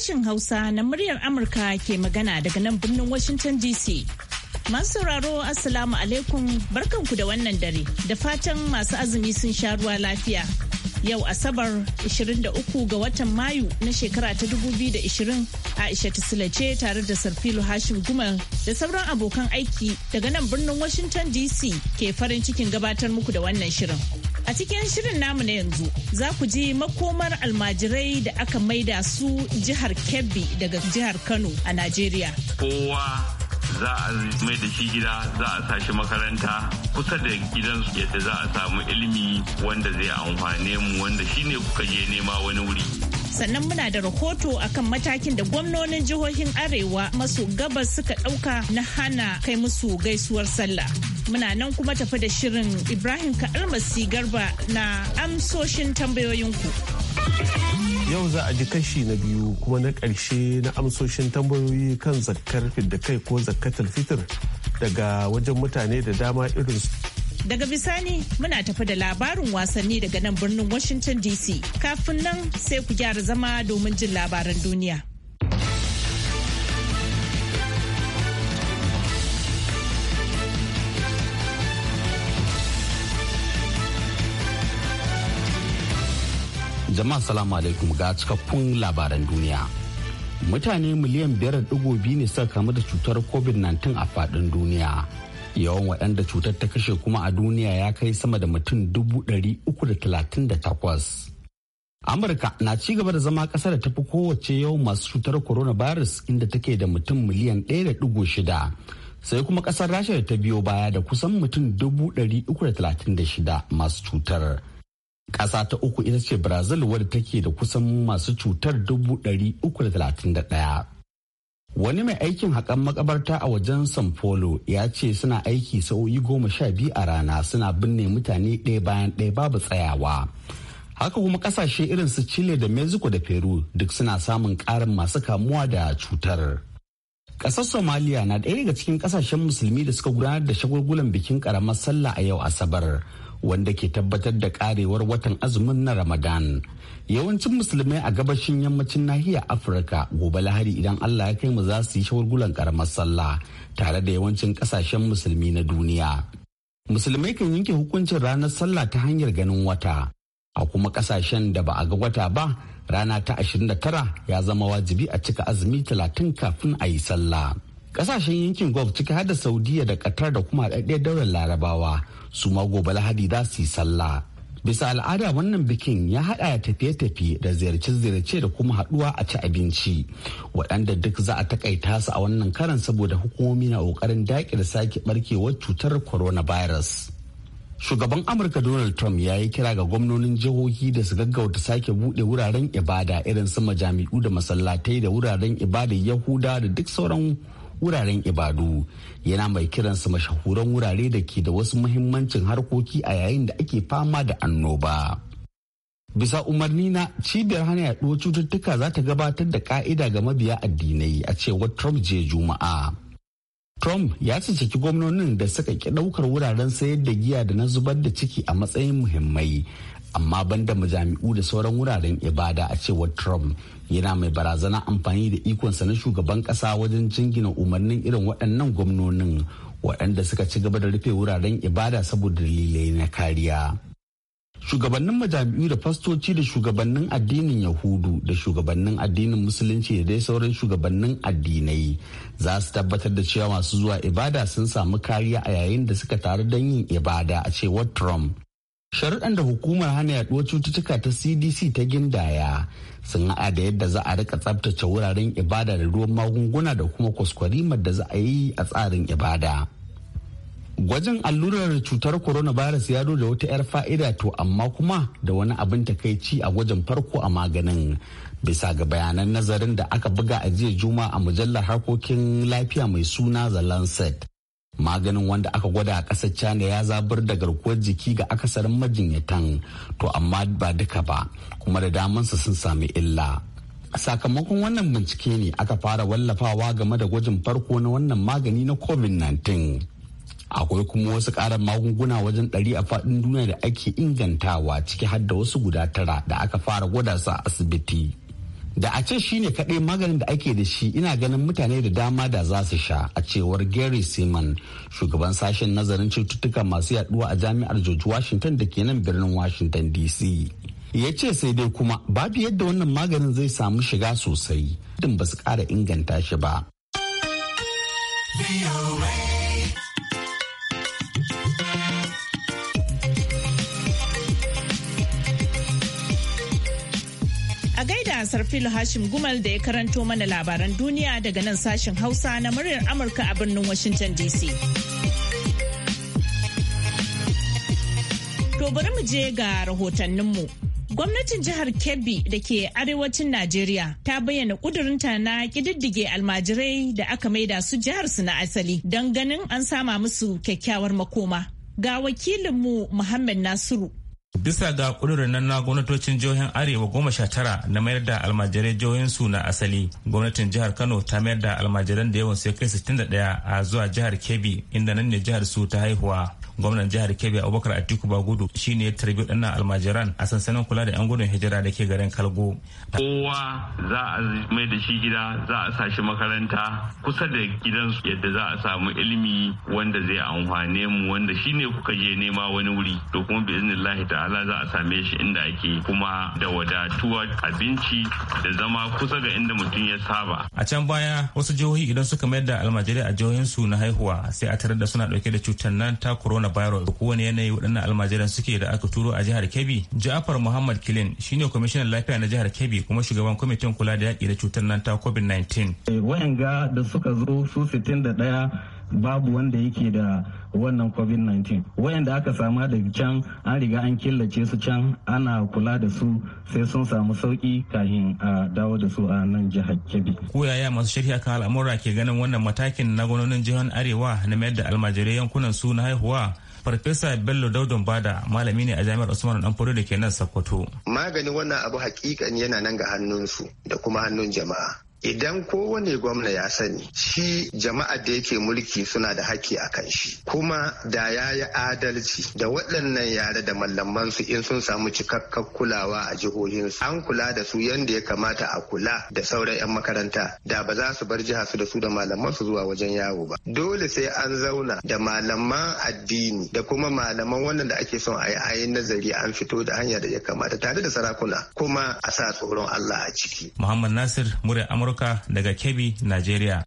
sashen Hausa na muryar Amurka ke magana daga nan birnin Washington DC. Masu sauraro Assalamu alaikum barkanku da wannan dare da fatan masu azumi sun sha ruwa lafiya. Yau Asabar 23 ga watan Mayu na shekara ta 2020 Aisha Tisila ce tare da Sarfilu Hashim Gumal da sauran abokan aiki daga nan birnin Washington DC ke farin cikin gabatar muku da wannan shirin. A cikin shirin namu na yanzu za ku ji makomar almajirai da aka maida su jihar Kebbi daga jihar Kano a Najeriya. Kowa za a mai da shi gida za a sa shi makaranta kusa da gidansu yadda za a samu ilimi wanda zai amfane mu wanda shine kuka je nema wani wuri. sannan muna da rahoto akan matakin da gwamnonin jihohin arewa maso gabas suka ɗauka na hana kai musu gaisuwar sallah muna nan kuma tafi da shirin ibrahim kalmasi garba na amsoshin tambayoyinku yau za a ji kashi na biyu kuma na ƙarshe na amsoshin tambayoyi kan zakkar da kai ko zakkatar fitir daga wajen mutane da dama irin su. daga bisani muna tafi da labarin wasanni daga nan birnin washington dc kafin nan sai ku gyara zama domin jin labaran duniya Jama'a salamu alaikum ga cikakkun labaran duniya. Mutane miliyan biyar da biyu ne suka kamu da cutar COVID-19 a fadin duniya. Yawan waɗanda cutar ta kashe kuma a duniya ya kai sama da mutum dubu ɗari uku da talatin da takwas. Amurka na ci gaba da zama ƙasar da ta fi kowace yawan masu cutar coronavirus inda take da mutum miliyan ɗaya da dubu shida. Sai kuma ƙasar Rasha da ta biyo baya da kusan mutum dubu ɗari uku da talatin da shida masu cutar. Ƙasa ta uku ita ce Brazil wadda take da kusan masu cutar ɗaya. Wani mai aikin haƙan makabarta a wajen San Paulo ya ce suna aiki sa'o'i goma sha biyu a rana suna binne mutane ɗaya bayan ɗaya babu tsayawa. Haka kuma ƙasashe irin su Chile da Mexico da Peru duk suna samun ƙarin masu kamuwa da cutar. Ƙasar Somalia na ɗaya daga cikin ƙasashen musulmi da suka gudanar da shagulgulan bikin ƙaramar sallah a yau Asabar. wanda ke tabbatar da karewar watan azumin na ramadan yawancin musulmai a gabashin yammacin nahiyar afirka gobe lahari idan allah ya kai mu za su yi shawargulan karamar sallah tare da yawancin kasashen musulmi na duniya musulmai kan yanke hukuncin ranar sallah ta hanyar ganin wata a kuma kasashen da ba a ga wata ba rana ta 29 ya zama wajibi a cika azumi 30 kafin a yi sallah kasashen yankin Gov ciki har da saudiya da qatar da kuma ɗaɗɗiyar daular larabawa su ma gobe lahadi za su yi sallah bisa al'ada wannan bikin ya hada tafiye-tafiye da ziyarce-ziyarce da kuma haɗuwa a ci abinci waɗanda duk za a takaita su a wannan karan saboda hukumomi na ƙoƙarin dakile sake barkewar cutar coronavirus shugaban amurka donald trump ya yi kira ga gwamnonin jihohi da su gaggauta sake buɗe wuraren ibada irin su majami'u da masallatai da wuraren ibada yahuda da duk sauran wuraren ibadu yana mai kiransu mashahuran wurare da ke da wasu muhimmancin harkoki a yayin da ake fama da annoba. bisa umarni na cibiyar hana yaduwar cututtuka za ta gabatar da ka'ida ga mabiya addinai a cewar trump je juma'a trump ya ciciki gwamnonin da suka ki daukar wuraren sayar da giya da na zubar da ciki a matsayin muhimmai amma banda majami'u da sauran wuraren ibada a cewar trump yana mai barazana amfani da ikonsa na shugaban kasa wajen jingina umarnin irin waɗannan gwamnonin waɗanda suka ci gaba da rufe wuraren ibada saboda dalilai na kariya shugabannin majami'u da fastoci da shugabannin addinin yahudu da shugabannin addinin musulunci da dai sauran shugabannin addinai za su tabbatar da cewa masu zuwa ibada sun samu kariya a yayin da suka taru don yin ibada a cewar trump Sharuɗan da hukumar hana yaduwar cututtuka ta CDC ta gindaya sun haɗa da yadda za a rika tsabtace wuraren ibada da ruwan magunguna da kuma kwaskwarimar da za a yi a tsarin ibada. Gwajin allurar cutar corona virus ya da wata 'yar fa'ida to amma kuma da wani abin takaici a gwajin farko a maganin bisa ga bayanan nazarin da aka buga a jiya juma a mujallar harkokin lafiya mai suna The Lancet. maganin wanda aka gwada a ƙasar china ya zabar da garkuwar jiki ga akasarin majinyatan to amma ba duka ba kuma da damansa sun sami illa sakamakon wannan bincike ne aka fara wallafawa game da gwajin farko na wannan magani na covid-19 akwai kuma wasu ƙarar magunguna wajen ɗari a faɗin duniya da ake ingantawa ciki har da wasu guda tara da aka fara gwada su a asibiti da a ce shi ne kaɗai maganin da ake da shi ina ganin mutane da dama da za su sha a cewar gary seaman shugaban sashen nazarin cututtuka masu yaduwa a jami'ar george washington da ke nan birnin washington dc ya ce sai dai kuma babu yadda wannan maganin zai samu shiga sosai din ba su ƙara inganta shi ba. da Sarfilu Hashim Gumal da ya karanto mana labaran duniya daga nan sashen Hausa na muryar Amurka a birnin Washington DC. To bari mu je ga rahotanninmu. Gwamnatin jihar Kebbi da ke arewacin Najeriya ta bayyana kudurinta na kididdige almajirai da aka maida su jihar su na asali don ganin an sama musu kyakkyawar makoma. Ga wakilinmu Muhammad Nasiru Bisa ga ƙudurin nan na gwamnatocin jihohin Arewa goma sha tara na mayar da almajirai jihohin su na asali, gwamnatin jihar Kano ta mayar da almajiran da yawan sai kai 61 a zuwa jihar Kebbi inda nan ne jihar su ta haihuwa. gwamnan jihar kebbi abubakar atiku bagudu shine ya tarbi ɗannan almajiran a sansanin kula da 'yan gudun hijira da ke garin kalgo kowa za a mai da shi gida za a sa shi makaranta kusa da gidansu yadda za a samu ilimi wanda zai amfane mu wanda shine kuka je nema wani wuri to kuma bi iznillahi ta'ala za a same shi inda ake kuma da wadatuwa abinci da zama kusa ga inda mutum ya saba a can baya wasu jihohi idan suka mayar da almajirai a jihohinsu na haihuwa sai a tarar da suna dauke da cutar nan ta corona coronavirus kowane yanayi waɗannan almajiran suke da aka turo a jihar kebbi ja'afar muhammad kilin shine kwamishinan lafiya na jihar kebbi kuma shugaban kwamitin kula da yaƙi da cutar nan ta covid-19 eh, da suka zo su da 61 babu wanda yake da wannan covid-19 wayanda aka sama daga can an riga an killace su can ana kula da su sai sun samu sauki kafin a dawo da su a nan jihar kebbi koyaya masu shirya kan al'amura ke ganin wannan matakin na gwamnonin jihar arewa na mayar da almajirai yankunan su na haihuwa farfesa bello daudon bada malami ne a jami'ar usman dan danfodiyo da ke nan sokoto maganin wannan abu hakikan yana nan ga hannunsu da kuma hannun jama'a idan kowane gwamna ya sani shi jama'a da yake mulki suna da haƙƙi a kan shi kuma da ya yi adalci da waɗannan yare da mallaman su in sun samu cikakkar kulawa a jihohinsu an kula da su yadda ya kamata a kula da sauran 'yan makaranta da ba za su bar jiha su da su da malaman su zuwa wajen yawo ba dole sai an zauna da malaman addini da kuma malaman wannan da ake son a yi ayin nazari an fito da hanyar da ya kamata tare da sarakuna kuma a sa tsoron Allah a ciki Muhammad Nasir murya Amurka daga Kebbi, Najeriya.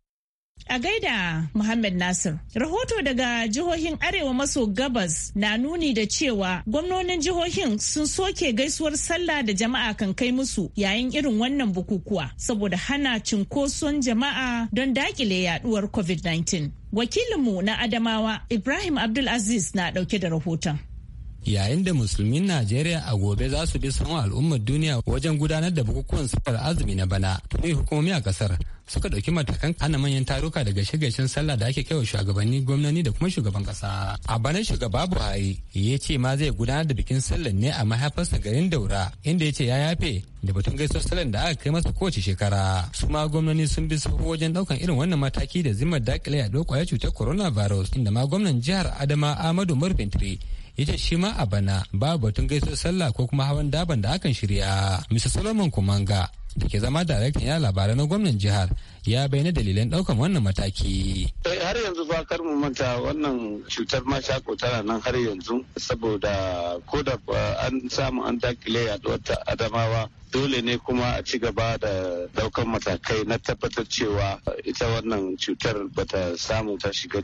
A gaida Muhammad Nasir, rahoto daga jihohin Arewa maso gabas na nuni da cewa gwamnonin jihohin sun soke gaisuwar sallah da jama'a kan kai musu yayin irin wannan bukukuwa saboda hana cinkoson jama'a don dakile yaduwar COVID-19. Wakilinmu na Adamawa Ibrahim Abdulaziz na dauke da rahoton. yayin da musulmin najeriya a gobe za su bi sanwa al'ummar duniya wajen gudanar da bukukuwan safar azumi na bana tuni hukumomi a kasar suka ɗauki matakan hana manyan taruka da gaishe-gaishen sallah da ake kaiwa shugabanni gwamnani da kuma shugaban kasa a bana shugaba buhari ya ce ma zai gudanar da bikin sallar ne a mahaifarsa garin daura inda ya ce ya yafe da batun gaisuwar sallar da aka kai masa kowace shekara su ma gwamnani sun bi sahu wajen ɗaukan irin wannan mataki da zimmar dakile a kwayar cutar coronavirus inda ma gwamnan jihar adama ahmadu murfintiri ita ce shi ma a bana babu batun gaisuwar sallah ko kuma hawan daban da akan shirya. Mr. Solomon Kumanga da ke zama daraktan ya labarai na gwamnan jihar ya bayyana dalilan daukan wannan mataki. Eh, har yanzu ba kar mu manta wannan cutar mashako tana nan har yanzu saboda ko da an samu an dakile yaduwar ta adamawa dole ne kuma a ci gaba da daukan matakai na tabbatar cewa ita wannan cutar bata samu ta shiga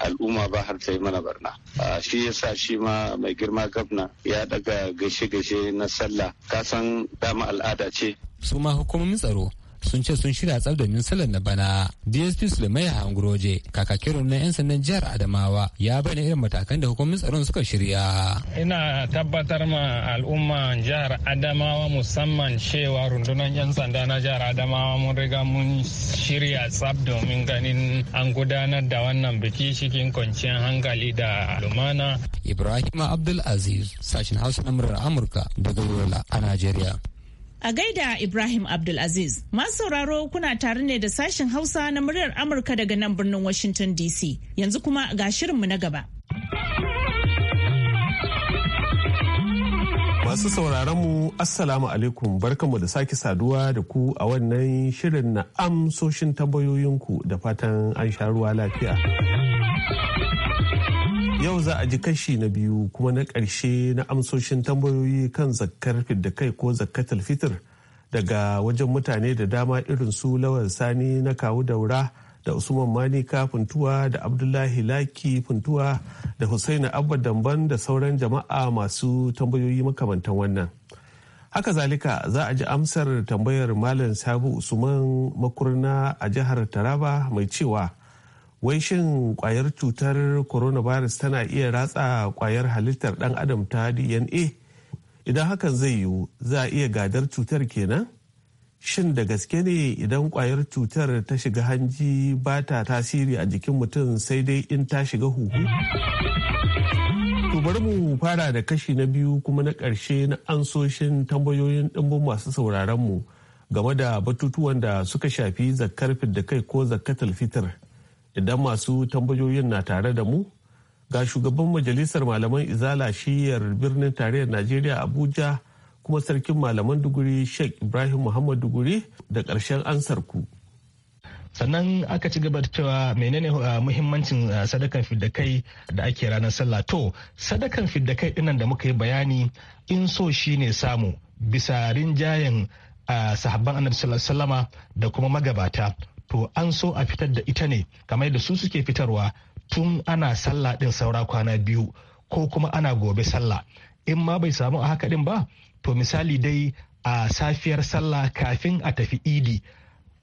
al'umma ba har ta yi mana barna shi yasa shi ma mai girma gabna ya daga gaishe-gaishe na sallah kasan dama al'ada ce su ma hukumomin tsaro sun ce sun shirya tsar da sallar na bana dsp sulemai hangroje kakakin na 'yan sandan jihar adamawa ya bayyana irin matakan da hukumomin tsaron suka shirya ina tabbatar ma al'umma jihar adamawa musamman cewa rundunar 'yan sanda na jihar adamawa mun riga mun shirya tsab domin ganin an gudanar da wannan biki cikin kwanciyar hankali da lumana ibrahim abdul aziz sashen hausa na amurka daga a najeriya A gaida Ibrahim Abdulaziz, masu sauraro kuna tare ne da sashen Hausa na muryar Amurka daga nan birnin Washington DC. Yanzu kuma ga shirinmu na gaba. Masu sauraronmu, Assalamu alaikum barkanmu da sake saduwa da ku a wannan shirin na amsoshin tambayoyinku da fatan an sha ruwa lafiya. Yau za a ji kashi na biyu kuma na ƙarshe na amsoshin tambayoyi kan zakkar fidda kai ko zakkatul fitr daga wajen mutane da dama irin su Lawal Sani na kawu daura da Usman Manika funtuwa da Abdullahi Laki funtuwa da Hussaini Abba Damban da sauran jama'a masu tambayoyi makamantan wannan. Haka zalika za a ji amsar tambayar Malam Sabu Usman Makurna a jihar Taraba mai cewa wai shin kwayar cutar coronavirus tana iya ratsa kwayar halittar dan adam ta dna idan hakan zai yiwu za a iya gadar cutar kenan shin da gaske ne idan kwayar cutar ta shiga hanji ba ta tasiri a jikin mutum sai dai in ta shiga huhu bari mu fara da kashi na biyu kuma na ƙarshe na ansoshin tambayoyin ɗimbin masu mu game da batutuwan da suka shafi zakkar fidda kai ko zakkatul fitar idan masu tambayoyin na tare da mu ga shugaban majalisar malaman izala shiyar birnin tarayyar najeriya abuja kuma sarkin malaman duguri sheikh ibrahim muhammad duguri da karshen ansar ku sannan aka ci gaba da cewa menene uh, muhimmancin uh, sadakan fiddakai da ake ranar sallah to sadakan fiddakai dinnan da muka yi bayani in so shi ne samu bisa rinjayen uh, sahabban annabi sallallahu da kuma magabata to an so a fitar da ita ne kamar da su suke fitarwa tun ana sallah din saura kwana biyu ko kuma ana gobe sallah in ma bai samu a haka din ba to misali dai a safiyar sallah kafin a tafi idi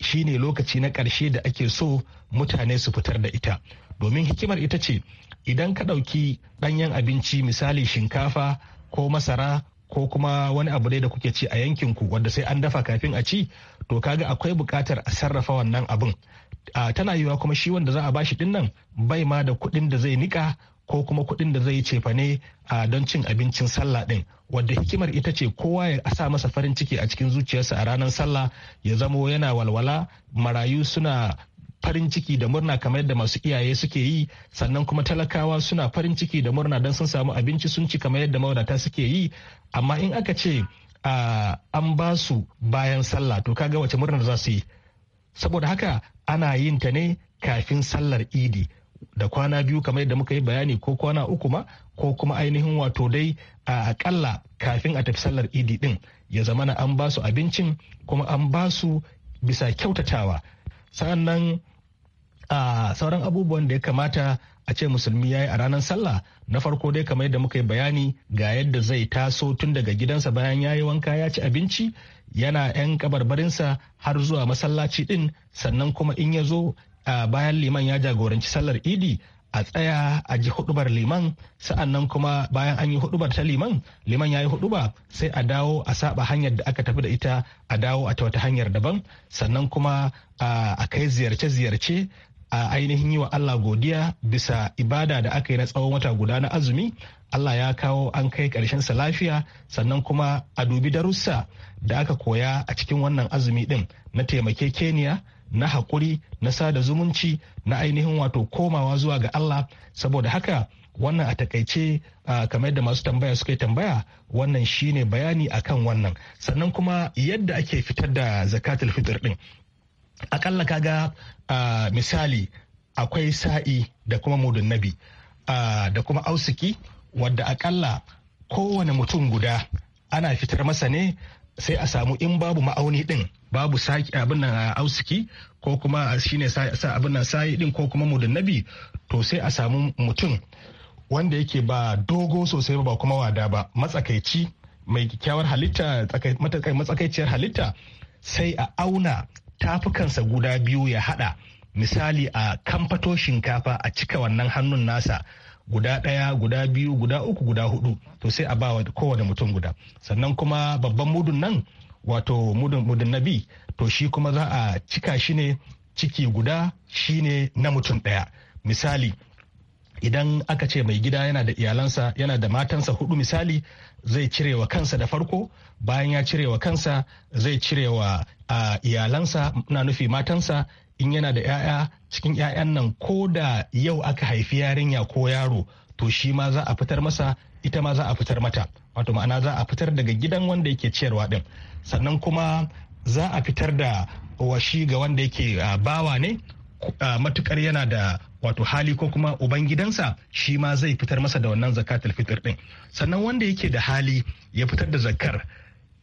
shine lokaci na ƙarshe da ake so mutane su fitar da ita domin hikimar ita ce idan ka ɗauki ɗanyen abinci misali shinkafa ko masara ko kuma wani abu dai da kuke ci a yankinku wanda sai an dafa kafin a ci to kaga akwai bukatar a sarrafa wannan abin tana yiwuwa kuma shi wanda za a bashi din nan bai ma da kuɗin da zai nika ko kuma kuɗin da zai cefane don cin abincin sallah ɗin wadda hikimar ita ce kowa ya sa masa farin ciki a cikin zuciyarsa a ranar sallah ya zamo yana walwala marayu suna farin ciki da murna kamar yadda masu iyaye suke yi sannan kuma talakawa suna farin ciki da murna don sun samu abinci sun ci kamar yadda mawadata suke yi amma in aka ce an ba su bayan sallah to kaga wace murnar za su yi saboda haka ana yin ta ne kafin sallar idi da kwana biyu kamar da muka yi bayani ko kwana uku ma ko kuma ainihin wato dai a akalla kafin a tafi sallar idi din ya zamana an ba su abincin kuma an ba su bisa kyautatawa sannan nan sauran abubuwan da ya kamata a ce musulmi ya yi a ranar sallah na farko dai kamar yadda muka yi bayani ga yadda zai taso tun daga gidansa bayan ya yi wanka ya ci abinci yana 'yan kabarbarinsa har zuwa masallaci din sannan kuma in ya zo bayan liman ya jagoranci sallar idi a tsaya a ji hudubar liman sa'annan kuma bayan an yi hudubar ta liman liman ya yi huduba sai a dawo a saba hanyar da aka tafi da ita a dawo a ta wata hanyar daban sannan kuma a kai ziyarce-ziyarce a ainihin yi wa Allah godiya bisa ibada da aka yi na tsawon wata guda na azumi Allah ya kawo an kai karshen sa lafiya sannan kuma a dubi darussa da aka koya a cikin wannan azumi din na taimake keniya na hakuri na sada zumunci na ainihin wato komawa zuwa ga Allah saboda haka wannan a takaice kamar yadda masu tambaya suka yi tambaya wannan shine bayani akan wannan sannan kuma yadda ake fitar da zakatul fitr din akalla kaga uh, misali akwai sa'i da kuma mudun nabi uh, da kuma ausiki wadda akalla kowane mutum guda ana fitar masa ne sai a samu in babu ma'auni din babu saki abin nan ausiki ko kuma shine sa abin nan sa'i din ko kuma mudun nabi to sai a samu mutum wanda yake ba dogo sosai ba kuma wada ba matsakaici mai kyakkyawar halitta matsakaiciyar halitta sai a auna tafukansa guda biyu ya haɗa misali a kamfato shinkafa a cika wannan hannun nasa guda ɗaya guda biyu guda uku guda hudu to sai a ba wa kowane mutum guda sannan kuma babban mudun nan wato mudun mudun nabi to shi kuma za a cika shi ne ciki guda shi ne na mutum ɗaya misali idan aka ce mai gida yana da iyalansa yana da matansa hudu misali zai cirewa kansa da farko bayan ya cirewa kansa zai cirewa a iyalansa na nufi matansa in yana da 'ya'ya cikin 'ya'yan nan ko da yau aka haifi yarinya ko yaro to shi ma za a fitar masa ita ma za a fitar mata wato ma'ana za a fitar daga gidan wanda yake ciyarwa din sannan kuma za a fitar da washi ga wanda yake bawa ne matukar yana da wato hali ko kuma ubangidansa shi ma zai fitar masa da wannan zakatul fitr din sannan wanda yake da hali ya fitar da zakar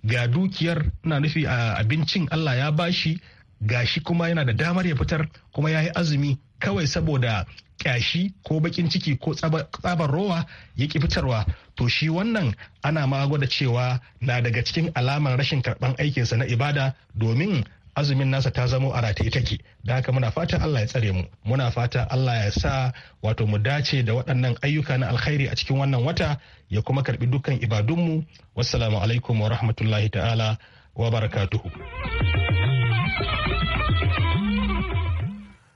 ga dukiyar na nufi a abincin Allah ya bashi ga shi kuma yana da damar ya fitar kuma ya yi azumi kawai saboda kyashi ko bakin ciki ko tsabar rowa ya ki fitarwa to shi wannan ana ma gwada cewa na daga cikin alamar rashin karban aikinsa na ibada domin azumin nasa ta zamo a rataye take da haka muna fata Allah ya tsare mu muna fata Allah ya sa wato mu dace da waɗannan ayyuka na alkhairi a cikin wannan wata ya kuma karbi dukkan ibadunmu wassalamu alaikum wa rahmatullahi ta'ala wa barakatuhu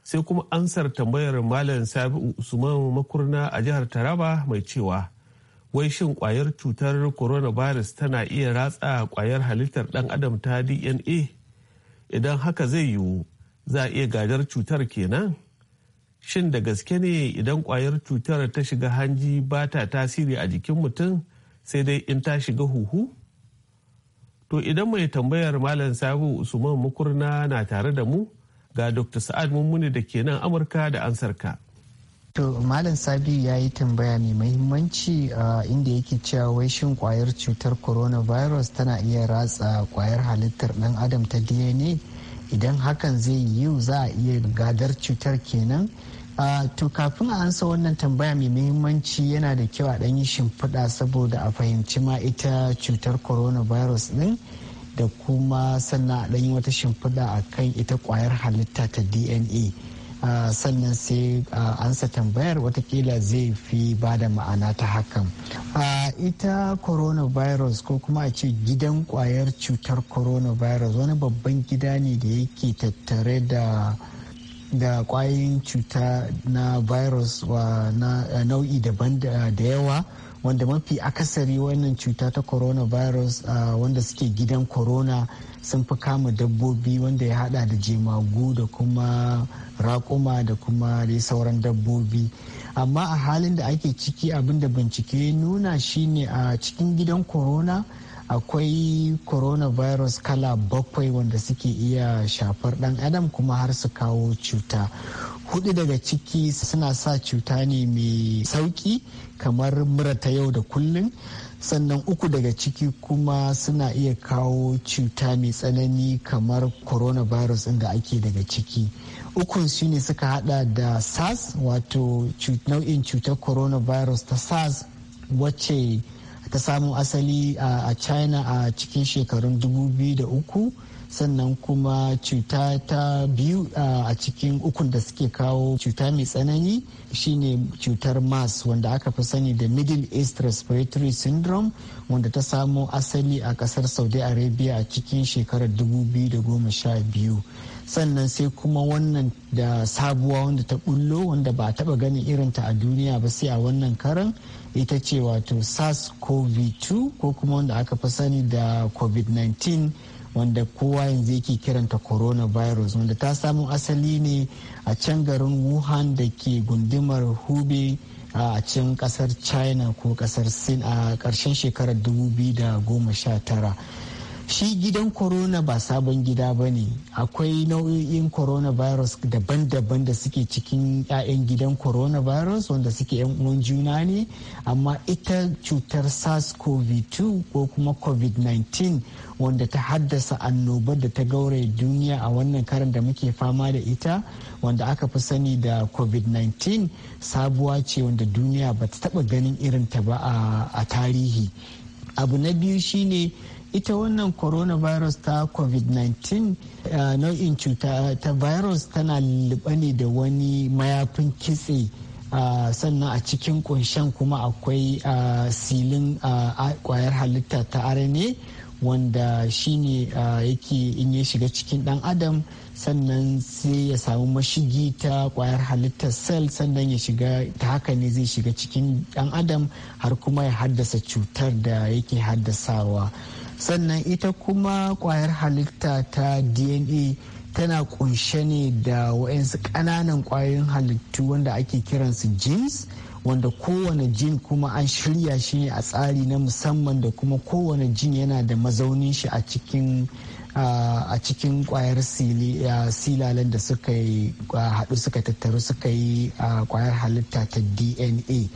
sai kuma ansar tambayar malam sabi'u usman makurna a jihar taraba mai cewa wai shin kwayar cutar coronavirus tana iya ratsa kwayar halittar dan adam ta dna idan haka zai yiwu za a iya gadar cutar kenan shin da gaske ne idan kwayar cutar ta shiga hanji ba ta tasiri a jikin mutum sai dai in ta shiga huhu to idan mai tambayar malam sabu usman mukurna na tare da mu ga dr sa'ad mummuni da ke nan amurka da ansarka to malam sabi ya yi tambaya mai mahimmanci inda yake cewa wai shin kwayar cutar coronavirus tana iya ratsa kwayar halittar dan adam ta dna idan hakan zai yiwu za a iya gadar cutar kenan to kafin a ansa wannan tambaya mai mahimmanci yana da kyau a ɗan yi shimfiɗa saboda a fahimci ma ita cutar coronavirus ɗin da kuma sannan a ɗan yi wata shimfiɗa akan ita kwayar halitta ta dna Ah, sannan sai ah, ansa tambayar watakila zai fi ba da ma'ana ta hakan ah, ita coronavirus ko kuma a ce gidan kwayar cutar coronavirus wani babban gida ne da yake tattare da da kwayoyin cuta na virus wa na eh, nau'i daban da yawa wanda mafi akasari wannan cuta ta coronavirus wanda suke gidan corona sun fi kama dabbobi wanda ya hada da jemagu da kuma raƙuma da kuma dai sauran dabbobi amma a halin da ake ciki abinda bincike nuna shine a cikin gidan corona akwai coronavirus kala bakwai wanda suke iya shafar dan adam kuma har su kawo cuta hudu daga ciki suna sa cuta ne mai sauki kamar mura ta yau da kullun sannan uku daga ciki kuma suna iya kawo cuta mai tsanani kamar coronavirus inda ake daga ciki ukun su ne suka hada da sars wato nau'in cutar coronavirus ta sars wacce ta samu asali a china a cikin shekarun 2003 sannan kuma cuta ta biyu a cikin ukun da suke kawo cuta mai tsanani shine cutar mas wanda aka fi sani da middle east respiratory syndrome wanda ta samo asali a kasar saudi arabia a cikin shekarar 2012 sannan sai kuma wannan da sabuwa wanda ta bullo wanda ba a taba ganin irin ta a duniya ba sai a wannan karan ita ce wato sars cov 2 ko kuma wanda aka fi sani da covid-19 wanda kowa yanzu yake kiranta coronavirus wanda ta samu asali ne a can garin wuhan da ke gundumar hubei a can kasar china ko kasar sin a karshen shekarar 2019 shi gidan corona ba sabon gida ba ne akwai nau'o'in coronavirus daban-daban da suke cikin 'ya'yan gidan coronavirus wanda suke 'yan uwan juna ne amma ita cutar sars-cov-2 ko kuma covid-19 wanda ta haddasa annobar da ta gaure duniya a wannan karin da muke fama da ita wanda aka fi sani da covid-19 sabuwa ce wanda duniya ba ta taba ganin irin ta ba a tarihi abu na biyu shine ita wannan coronavirus ta covid-19 uh, nau'in cuta ta virus tana lulluɓa ne da wani mayafin kitse uh, sannan a cikin kunshen kuma akwai uh, silin kwayar uh, halitta ta rna wanda shine uh, yake in ya shiga cikin dan adam sannan sai ya samu mashigi ta kwayar halittar cell sannan ya shiga ta haka ne zai shiga cikin dan adam har kuma ya haddasa cutar da yake haddasawa sannan ita kuma kwayar halitta ta dna tana kunshe ne da waɗansu ƙananan kwayoyin halittu wanda ake kiransu genes wanda kowane jin kuma an shirya shi ne a tsari na musamman da kuma kowane jin yana da mazaunin shi a cikin a cikin kwayar silalen da suka yi hadu suka tattaru suka yi kwayar halitta ta dna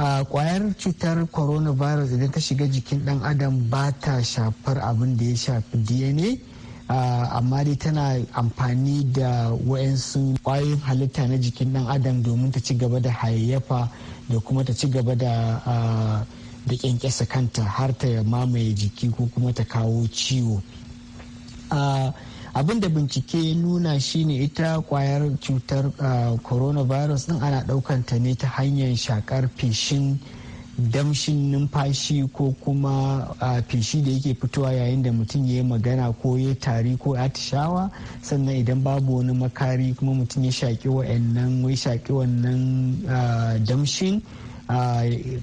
a kwayar cutar coronavirus idan ta shiga jikin dan adam ba ta shafar abin da ya shafi dna amma dai tana amfani da wayansu kwayoyin halitta na jikin dan adam domin ta ci gaba da hayayyafa da kuma ta ci gaba da da kyankyasa kanta har ta mamaye jiki ko kuma ta kawo ciwo abin da bincike nuna shine ita kwayar cutar uh, coronavirus din ana daukan ta ne ta hanyar shakar feshin damshin numfashi ko kuma uh, feshi da yake fitowa yayin da mutum ya yi magana ko ya tari ko ya atishawa sannan idan babu wani makari kuma mutum ya shaƙi wa'annan wai shaƙi wannan uh, damshin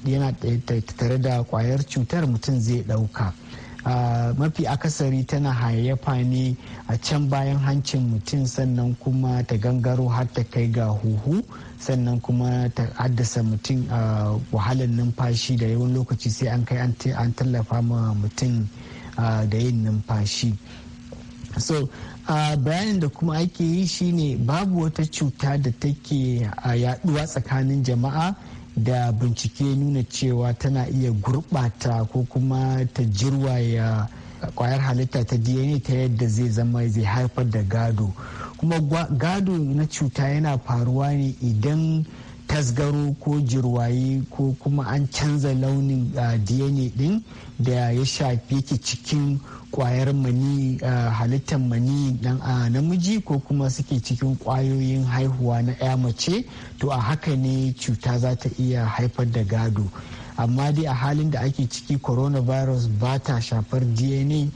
yana tattare da kwayar cutar mutum zai ɗauka. mafi akasari tana hayayyafa ne a can bayan hancin mutum sannan kuma ta gangaro har ta kai ga huhu sannan kuma ta haddasa mutum a wahalar numfashi da yawan lokaci sai an kai an tallafa ma mutum da yin numfashi so bayanin da kuma ake yi shine babu wata cuta da take yaduwa tsakanin jama'a da bincike nuna cewa tana iya gurɓata ko kuma ta jirwaya kwayar halitta ta dna ta yadda zai zama zai haifar da gado kuma gado na cuta yana faruwa ne idan tasgaro ko jirwaye ko kuma an canza launin dna din da ya shafi ki cikin kwayar mani halittar mani dan a namiji ko kuma suke cikin kwayoyin haihuwa na ya mace to a haka ne cuta za ta iya haifar da gado amma dai a halin da ake ciki coronavirus ba ta shafar dna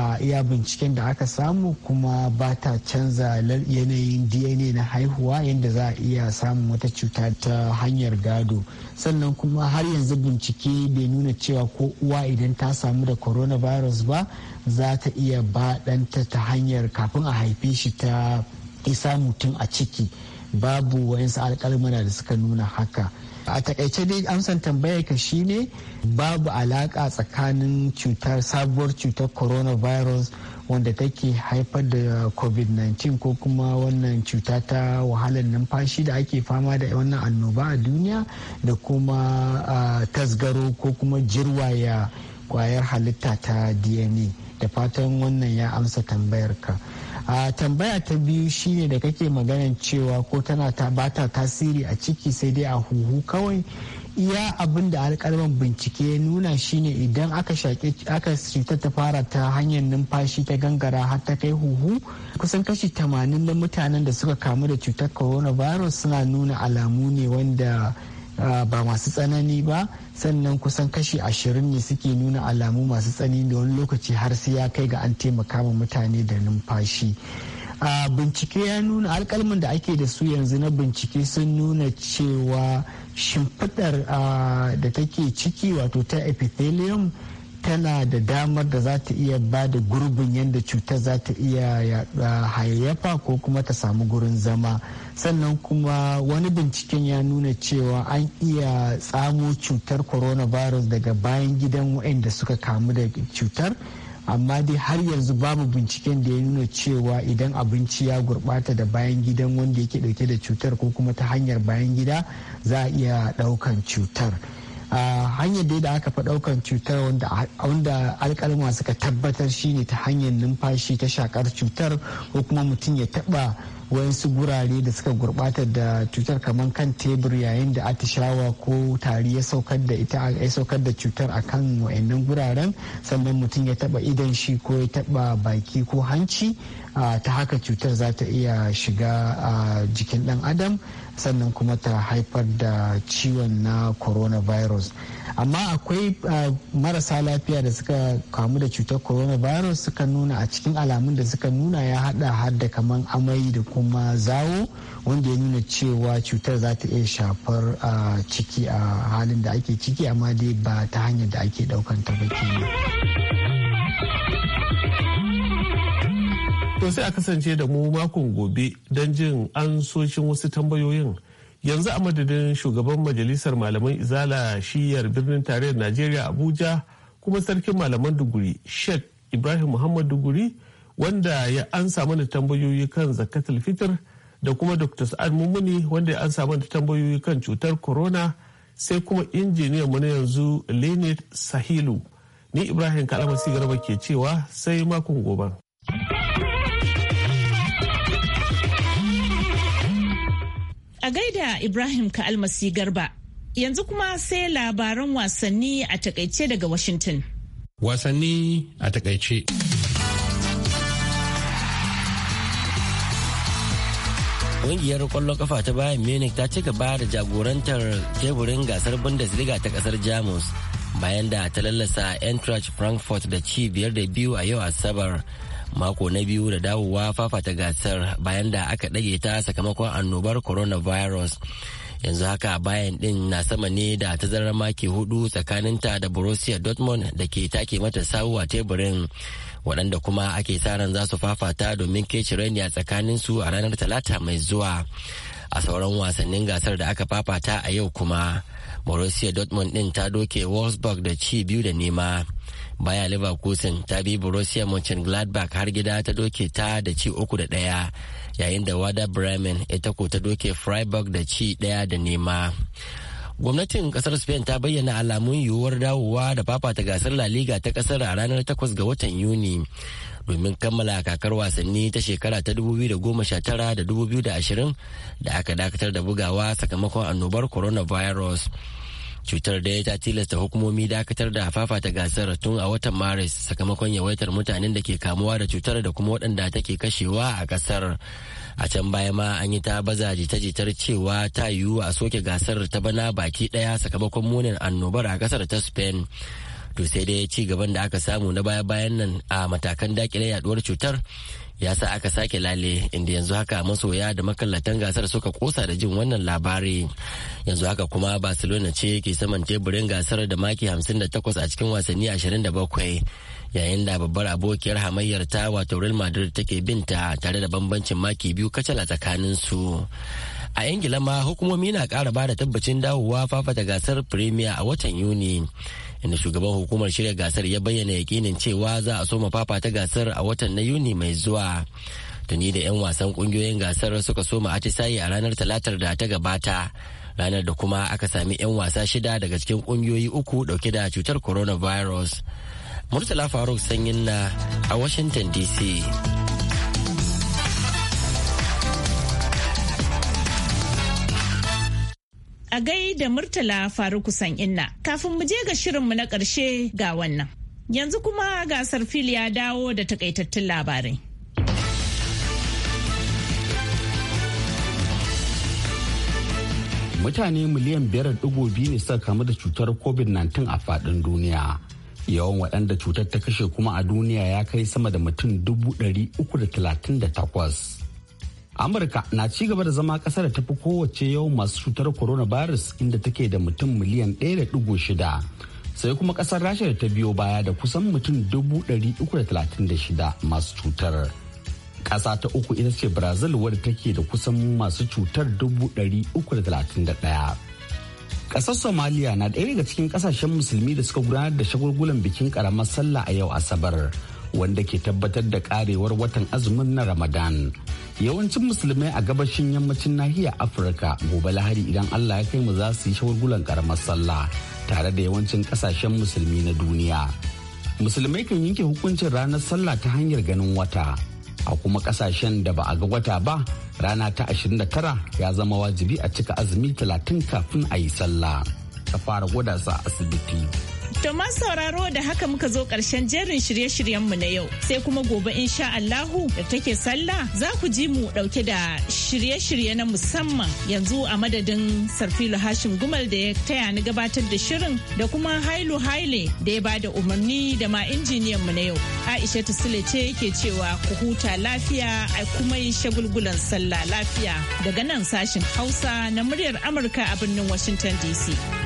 a iya binciken da aka samu kuma ba ta canza yanayin dna na haihuwa yadda za a iya samun wata cuta ta hanyar gado sannan kuma har yanzu bincike bai nuna cewa ko uwa idan ta samu da coronavirus ba za ta iya ba ɗanta ta hanyar kafin a haife shi ta isa mutum a ciki babu wa'insu alƙalmana da suka nuna haka a takaice dai amsan tambayar ka shine babu alaka tsakanin cutar sabuwar cutar coronavirus wanda take haifar da covid-19 ko kuma wannan cuta ta wahalar numfashi da ake fama da wannan annoba a duniya da kuma tasgaro ko kuma jirwaya kwayar halitta ta dna da fatan wannan ya amsa tambayar ka. a tambaya ta biyu shine da kake maganan cewa ko tana ta bata tasiri a ciki sai dai a huhu kawai iya abin da alkalman bincike ya nuna shine idan aka shaƙe aka cuta ta fara ta hanyar numfashi ta gangara har ta kai huhu kusan kashi tamanin na mutanen da suka kamu da cutar coronavirus suna nuna alamu ne wanda Ah, ba masu tsanani ba sannan kusan kashi ashirin ne suke nuna alamu masu tsanani da wani lokaci har sai ya kai ga an taimaka ma mutane da numfashi ah, bincike ya nuna alkalmin da ake da su yanzu na bincike sun nuna cewa shimfidar ah, da take ciki wato ta epithelium tana da damar da za ta iya ba da gurbin yadda cutar za ta iya hayayyafa ko kuma ta samu gurin zama sannan kuma wani binciken ya nuna cewa an iya tsamo cutar coronavirus daga bayan gidan waɗanda suka kamu da cutar amma dai har yanzu babu binciken da ya nuna cewa idan abinci ya gurbata da bayan gidan wanda yake ɗauke da cutar ko kuma ta hanyar bayan gida za a iya ɗaukan cutar. a hanyar da aka fi daukan cutar wanda alkalma suka tabbatar shine ta hanyar numfashi ta shakar cutar ko kuma mutum ya taɓa wayansu gurare da suka gurbata da cutar kamar kan tebur yayin da atishawa ko tari ya saukar da ita ya saukar da cutar a kan wayannan guraren sannan mutum ya taba idan shi ko ya taba baki ko hanci ta haka cutar za ta iya shiga a jikin dan adam sannan kuma ta haifar da ciwon na coronavirus amma akwai marasa lafiya da suka kamu da cutar coronavirus suka nuna a cikin alamun da suka nuna ya hada hadda kamar amai da kuma zawo wanda ya nuna cewa cutar za ta iya shafar ciki a halin da ake ciki amma dai ba ta hanyar da ake daukan ba kenan. To sai a kasance da mu makon gobe don jin an socin wasu tambayoyin. Yanzu a madadin shugaban majalisar malaman izala shiyar birnin tarayyar Najeriya Abuja kuma sarkin malaman duguri Sheikh Ibrahim Muhammad duguri wanda ya ansa mana tambayoyi kan zakatul fitr da kuma Dr. Sa'ad Mumuni wanda ya ansa mana tambayoyi kan cutar corona sai kuma injiniyan mu na yanzu Leonard Sahilu. Ni Ibrahim Kalamasi Garba ke cewa sai makon gobe. A gaida Ibrahim ka almasi Garba, yanzu kuma sai labaran wasanni a takaice daga Washington. Wasanni a takaice. Ƙungiyar ƙwallon kafa ta bayan Munich ta cika gaba da jagorantar teburin gasar Bundesliga ta ƙasar Jamus bayan da ta lallasa Eintracht Frankfurt da ci biyar da biyu a yau Asabar. mako na biyu da dawowa fafata gasar bayan da aka ɗage ta sakamakon annobar coronavirus yanzu haka bayan din na sama ne da tazarar maki hudu tsakaninta da borussia dortmund da ke take mata sawuwa teburin waɗanda kuma ake sa ran za su fafata domin keci a tsakanin su a ranar talata mai zuwa a sauran wasannin gasar da aka fafata a yau kuma borussia dortmund din ta doke wolfsburg da ci biyu da nema baya leverkusen ta bi borussia mönchengladbach har gida ta doke ta da ci uku da ɗaya yayin da wada bremen ita ko ta doke freiburg da ci ɗaya da nema gwamnatin kasar spain ta bayyana alamun yiwuwar dawowa da fafata gasar la liga ta kasar a ranar 8 ga watan yuni domin kammala kakar wasanni ta shekara ta 2019 da 2020 da aka dakatar da bugawa sakamakon annobar coronavirus. cutar da ta tilasta hukumomi dakatar da fafata gasar tun a watan maris sakamakon yawaitar mutanen da ke kamuwa da cutar da kuma waɗanda take kashewa a kasar a can baya ma an yi ta baza jita-jitar cewa ta yiwu a soke gasar ta bana baki ɗaya sakamakon munin annobar a kasar ta spain to sai dai ci gaban da aka samu na baya-bayan nan a matakan dakile yaduwar cutar ya sa aka sake lale inda yanzu haka masoya da makallatan gasar suka kosa da jin wannan labari yanzu haka kuma barcelona ce ke saman teburin gasar da maki 58 a cikin wasanni 27 yayin da babbar abokiyar hamayyar ta wato real madrid take binta tare da bambancin maki biyu kacal a su a ingila ma hukumomi na kara ba da tabbacin dawowa fafata gasar premier a watan yuni inda shugaban hukumar shirya gasar ya bayyana yakinin cewa za a soma fafata gasar a watan na yuni mai zuwa tuni da 'yan wasan kungiyoyin gasar suka soma atisaye a ranar talatar da ta gabata ranar da kuma aka sami 'yan wasa shida daga cikin kungiyoyi uku dauke da cutar coronavirus murtala faruk sanyin na a washington dc a gai da murtala faruk inna kafin mu je ga shirinmu na ƙarshe ga wannan yanzu kuma gasar fili ya dawo da takaitattun labarai mutane miliyan 5.2 ne suka kamu da cutar covid-19 a fadin duniya yawan waɗanda cutar ta kashe kuma a duniya ya kai sama da mutum 338 amurka na ci gaba da zama ƙasar da tafi kowace yawan masu cutar coronavirus inda take da mutum miliyan 1.6 sai kuma ƙasar rasha da ta biyo baya da kusan mutum 336 masu cutar. ƙasa ta uku ita ce brazil wadda take da kusan masu cutar 331 Ƙasar Somaliya na ɗaya daga cikin ƙasashen musulmi da suka gudanar da shagulgulan bikin ƙaramar sallah a yau Asabar, wanda ke tabbatar da karewar watan azumin na Ramadan. Yawancin musulmai a gabashin yammacin nahiyar Afirka gobe lahadi idan Allah ya kai mu za su yi shagulgulan ƙaramar sallah tare da yawancin ƙasashen musulmi na duniya. Musulmai kan yanke hukuncin ranar sallah ta hanyar ganin wata. a kuma kasashen da ba a ga wata ba rana ta 29 ya zama wajibi a cika azumi 30 kafin a yi sallah ta fara gwada a asibiti To ma sauraro da haka muka zo ƙarshen jerin shirye-shiryenmu na yau. Sai kuma gobe insha Allahu da take sallah za ku ji mu ɗauke da shirye-shirye na musamman yanzu a madadin Sarfilu Hashim Gumal da ya taya ni gabatar da shirin da kuma Hailu Haile da ya bada umarni da ma injiniyan mu na yau. Aisha Sule ce yake cewa ku huta lafiya a kuma yi shagulgulan sallah lafiya daga nan sashin Hausa na muryar Amurka a birnin Washington DC.